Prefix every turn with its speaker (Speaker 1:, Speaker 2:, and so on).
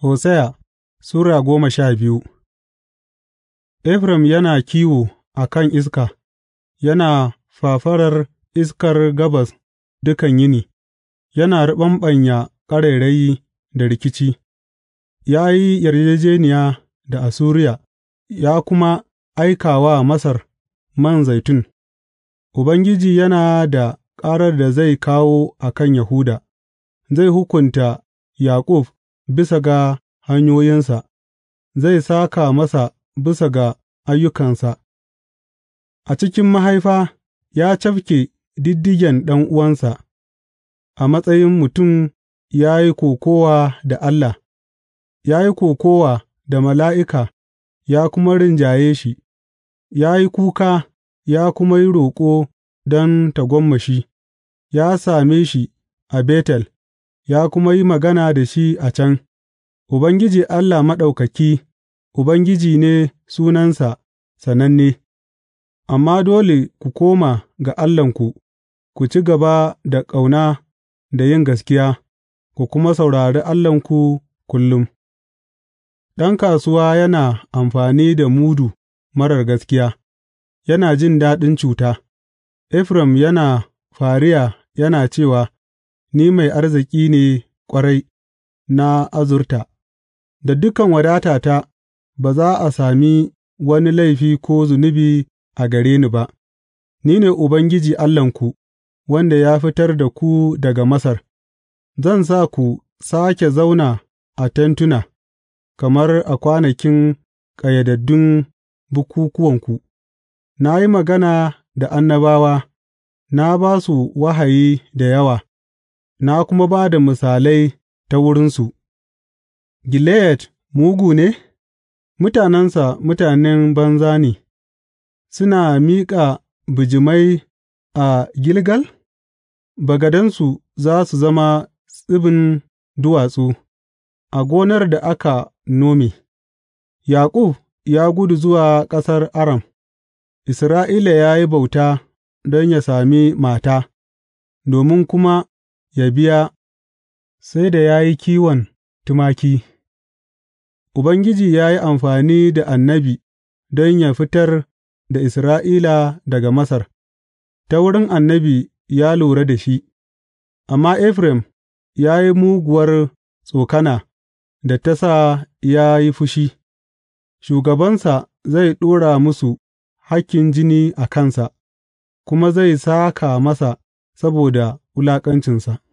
Speaker 1: Hosiya Sura goma sha biyu Efraim yana kiwo a kan iska, yana fafarar iskar gabas dukan yini, yana riɓanɓanya ƙarairayi da rikici, ya yi yarjejeniya da asuriya. ya kuma aika wa Masar man zaitun, Ubangiji yana da ƙarar da zai kawo a kan Yahuda, zai hukunta Yaƙub. bisa ga hanyoyinsa, zai sāka masa bisa ga ayyukansa; a cikin mahaifa ya cafke diddigen ɗan'uwansa, a matsayin mutum ya yi kokowa da Allah, ya yi kokowa da mala'ika ya kuma rinjaye shi, ya yi kuka ya kuma yi roƙo don tagomashi, ya same shi a Betel ya kuma yi magana da shi a can. Ubangiji Allah Maɗaukaki, Ubangiji ne sunansa sananne, amma dole ku koma ga Allahnku, ku ci gaba da ƙauna da yin gaskiya, ku kuma saurari Allahnku kullum. Ɗan kasuwa yana amfani da mudu marar gaskiya, yana jin daɗin cuta, Efraim yana fariya yana cewa, Ni mai arziki ne ƙwarai, na azurta. Da dukan wadatata ba za a sami wani laifi ko zunubi a gare ni ba, ni ne Ubangiji Allahnku, wanda ya fitar da ku daga Masar; zan sa ku sake zauna a tentuna, kamar a kwanakin ƙayyadaddun bukukuwanku. na yi magana da annabawa, na ba su wahayi da yawa, na kuma ba da misalai ta wurinsu. Gileyad mugu ne, mutanensa mutanen banza ne; suna miƙa bijimai a Gilgal bagadansu za su zama tsibin duwatsu a gonar da aka nome; Yaƙub ya gudu zuwa ƙasar Aram, Isra'ila ya yi bauta don ya sami mata, domin kuma ya biya sai da ya yi kiwon tumaki. Ubangiji ya yi amfani da annabi don yă fitar da Isra'ila daga Masar, ta wurin annabi ya lura da shi, amma Efraim ya yi muguwar tsokana da ta sa ya yi fushi, shugabansa zai ɗora musu hakkin jini a kansa, kuma zai saka masa saboda wulaƙancinsa.